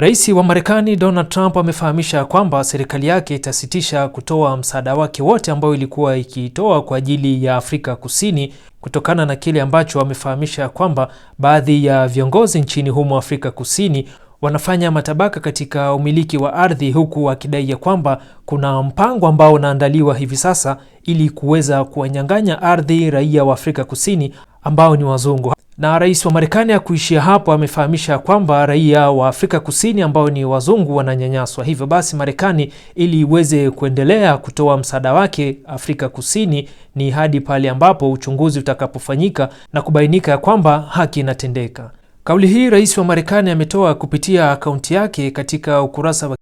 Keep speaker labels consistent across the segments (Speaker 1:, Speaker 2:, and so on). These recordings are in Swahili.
Speaker 1: Rais wa Marekani Donald Trump amefahamisha kwamba serikali yake itasitisha kutoa msaada wake wote ambao ilikuwa ikitoa kwa ajili ya Afrika Kusini kutokana na kile ambacho amefahamisha kwamba baadhi ya viongozi nchini humo Afrika Kusini wanafanya matabaka katika umiliki wa ardhi huku akidai ya kwamba kuna mpango ambao unaandaliwa hivi sasa ili kuweza kuwanyang'anya ardhi raia wa Afrika Kusini ambao ni wazungu. Na rais wa Marekani akuishia hapo, amefahamisha kwamba raia wa Afrika Kusini ambao ni wazungu wananyanyaswa. Hivyo basi, Marekani ili iweze kuendelea kutoa msaada wake Afrika Kusini ni hadi pale ambapo uchunguzi utakapofanyika na kubainika kwamba haki inatendeka. Kauli hii rais wa Marekani ametoa kupitia akaunti yake katika ukurasa wa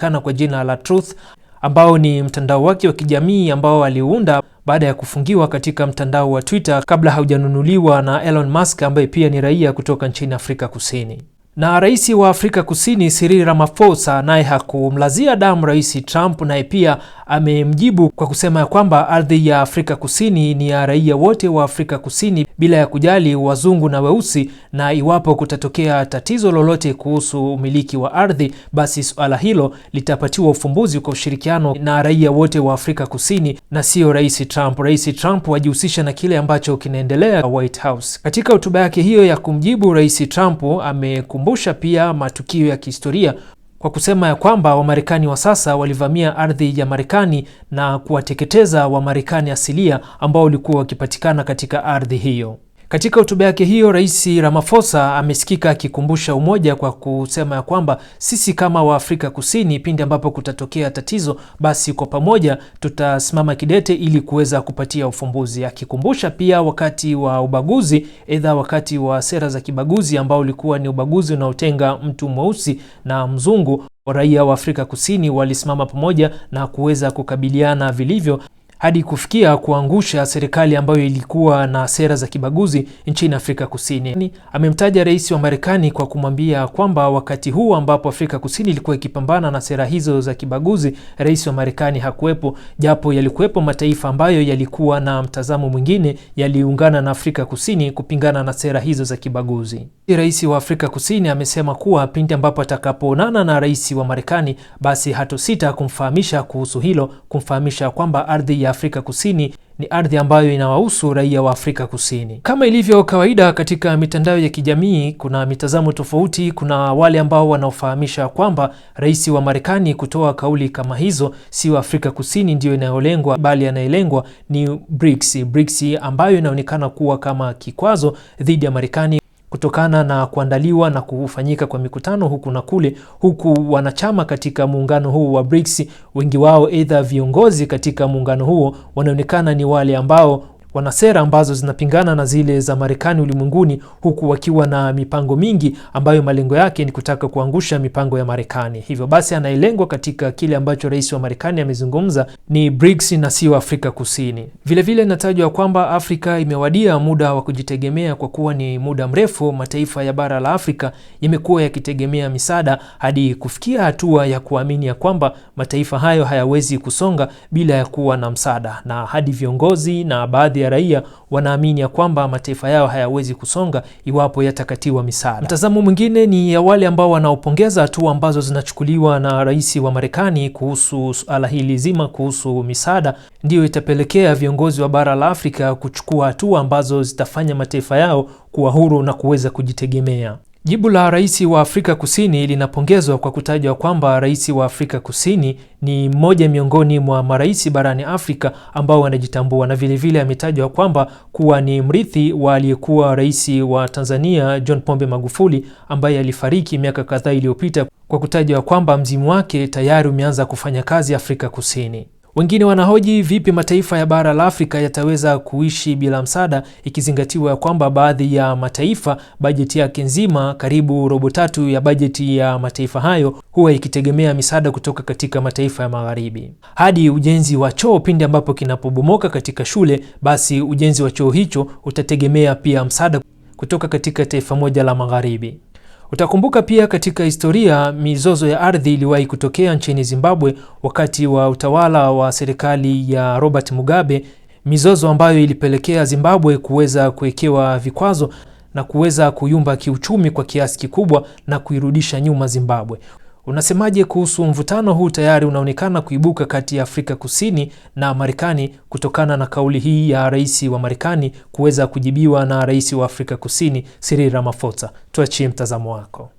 Speaker 1: kana kwa jina la Truth ambao ni mtandao wake wa kijamii ambao aliunda baada ya kufungiwa katika mtandao wa Twitter kabla haujanunuliwa na Elon Musk ambaye pia ni raia kutoka nchini Afrika Kusini. Na rais wa Afrika Kusini Cyril Ramaphosa naye hakumlazia damu rais Trump, naye pia amemjibu kwa kusema ya kwamba ardhi ya Afrika Kusini ni ya raia wote wa Afrika Kusini bila ya kujali wazungu na weusi, na iwapo kutatokea tatizo lolote kuhusu umiliki wa ardhi, basi suala hilo litapatiwa ufumbuzi kwa ushirikiano na raia wote wa Afrika Kusini na sio rais Trump. Rais Trump wajihusisha na kile ambacho kinaendelea White House. Katika hotuba yake hiyo ya kumjibu rais Trump ame Akakumbusha pia matukio ya kihistoria kwa kusema ya kwamba Wamarekani wa sasa walivamia ardhi ya Marekani na kuwateketeza Wamarekani asilia ambao walikuwa wakipatikana katika ardhi hiyo. Katika hotuba yake hiyo, Rais Ramaphosa amesikika akikumbusha umoja kwa kusema ya kwamba sisi kama Waafrika Kusini, pindi ambapo kutatokea tatizo, basi kwa pamoja tutasimama kidete ili kuweza kupatia ufumbuzi, akikumbusha pia wakati wa ubaguzi, aidha wakati wa sera za kibaguzi ambao ulikuwa ni ubaguzi unaotenga mtu mweusi na mzungu, raia wa Afrika Kusini walisimama pamoja na kuweza kukabiliana vilivyo hadi kufikia kuangusha serikali ambayo ilikuwa na sera za kibaguzi nchini Afrika Kusini. Amemtaja rais wa Marekani kwa kumwambia kwamba wakati huu ambapo Afrika Kusini ilikuwa ikipambana na sera hizo za kibaguzi, rais wa Marekani hakuwepo, japo yalikuwepo mataifa ambayo yalikuwa na mtazamo mwingine, yaliungana na Afrika Kusini kupingana na sera hizo za kibaguzi. Rais wa Afrika Kusini amesema kuwa pindi ambapo atakapoonana na rais wa Marekani, basi hatosita kumfahamisha kuhusu hilo, kumfahamisha kwamba ardhi ya ya Afrika Kusini ni ardhi ambayo inawahusu raia wa Afrika Kusini. Kama ilivyo kawaida katika mitandao ya kijamii, kuna mitazamo tofauti. Kuna wale ambao wanaofahamisha kwamba rais wa Marekani kutoa kauli kama hizo, sio Afrika Kusini ndiyo inayolengwa, bali anayelengwa ni BRICS. BRICS ambayo inaonekana kuwa kama kikwazo dhidi ya Marekani kutokana na kuandaliwa na kufanyika kwa mikutano huku na kule, huku wanachama katika muungano huu wa BRICS wengi wao aidha viongozi katika muungano huo wanaonekana ni wale ambao wana sera ambazo zinapingana na zile za Marekani ulimwenguni, huku wakiwa na mipango mingi ambayo malengo yake ni kutaka kuangusha mipango ya Marekani. Hivyo basi, anayelengwa katika kile ambacho rais wa Marekani amezungumza ni BRICS na sio Afrika Kusini. Vilevile inatajwa kwamba Afrika imewadia muda wa kujitegemea, kwa kuwa ni muda mrefu mataifa ya bara la Afrika yamekuwa yakitegemea misaada hadi kufikia hatua ya kuamini ya kwamba mataifa hayo hayawezi kusonga bila ya kuwa na msaada, na hadi viongozi na baadhi baadhi ya raia wanaamini ya kwamba mataifa yao hayawezi kusonga iwapo yatakatiwa misaada. Mtazamo mwingine ni ya wale ambao wanaopongeza hatua ambazo zinachukuliwa na rais wa Marekani kuhusu suala hili zima kuhusu misaada, ndiyo itapelekea viongozi wa bara la Afrika kuchukua hatua ambazo zitafanya mataifa yao kuwa huru na kuweza kujitegemea. Jibu la rais wa Afrika Kusini linapongezwa kwa kutajwa kwamba rais wa Afrika Kusini ni mmoja miongoni mwa marais barani Afrika ambao wanajitambua na vilevile ametajwa kwamba kuwa ni mrithi wa aliyekuwa rais wa Tanzania John Pombe Magufuli ambaye alifariki miaka kadhaa iliyopita kwa kutajwa kwamba mzimu wake tayari umeanza kufanya kazi Afrika Kusini. Wengine wanahoji vipi mataifa ya bara la Afrika yataweza kuishi bila msaada ikizingatiwa ya kwamba baadhi ya mataifa bajeti yake nzima, karibu robo tatu ya bajeti ya mataifa hayo huwa ikitegemea misaada kutoka katika mataifa ya magharibi. Hadi ujenzi wa choo pindi ambapo kinapobomoka katika shule, basi ujenzi wa choo hicho utategemea pia msaada kutoka katika taifa moja la magharibi. Utakumbuka pia katika historia mizozo ya ardhi iliwahi kutokea nchini Zimbabwe wakati wa utawala wa serikali ya Robert Mugabe, mizozo ambayo ilipelekea Zimbabwe kuweza kuwekewa vikwazo na kuweza kuyumba kiuchumi kwa kiasi kikubwa na kuirudisha nyuma Zimbabwe. Unasemaje kuhusu mvutano huu tayari unaonekana kuibuka kati ya Afrika Kusini na Marekani kutokana na kauli hii ya rais wa Marekani kuweza kujibiwa na rais wa Afrika Kusini Cyril Ramaphosa? Tuachie mtazamo wako.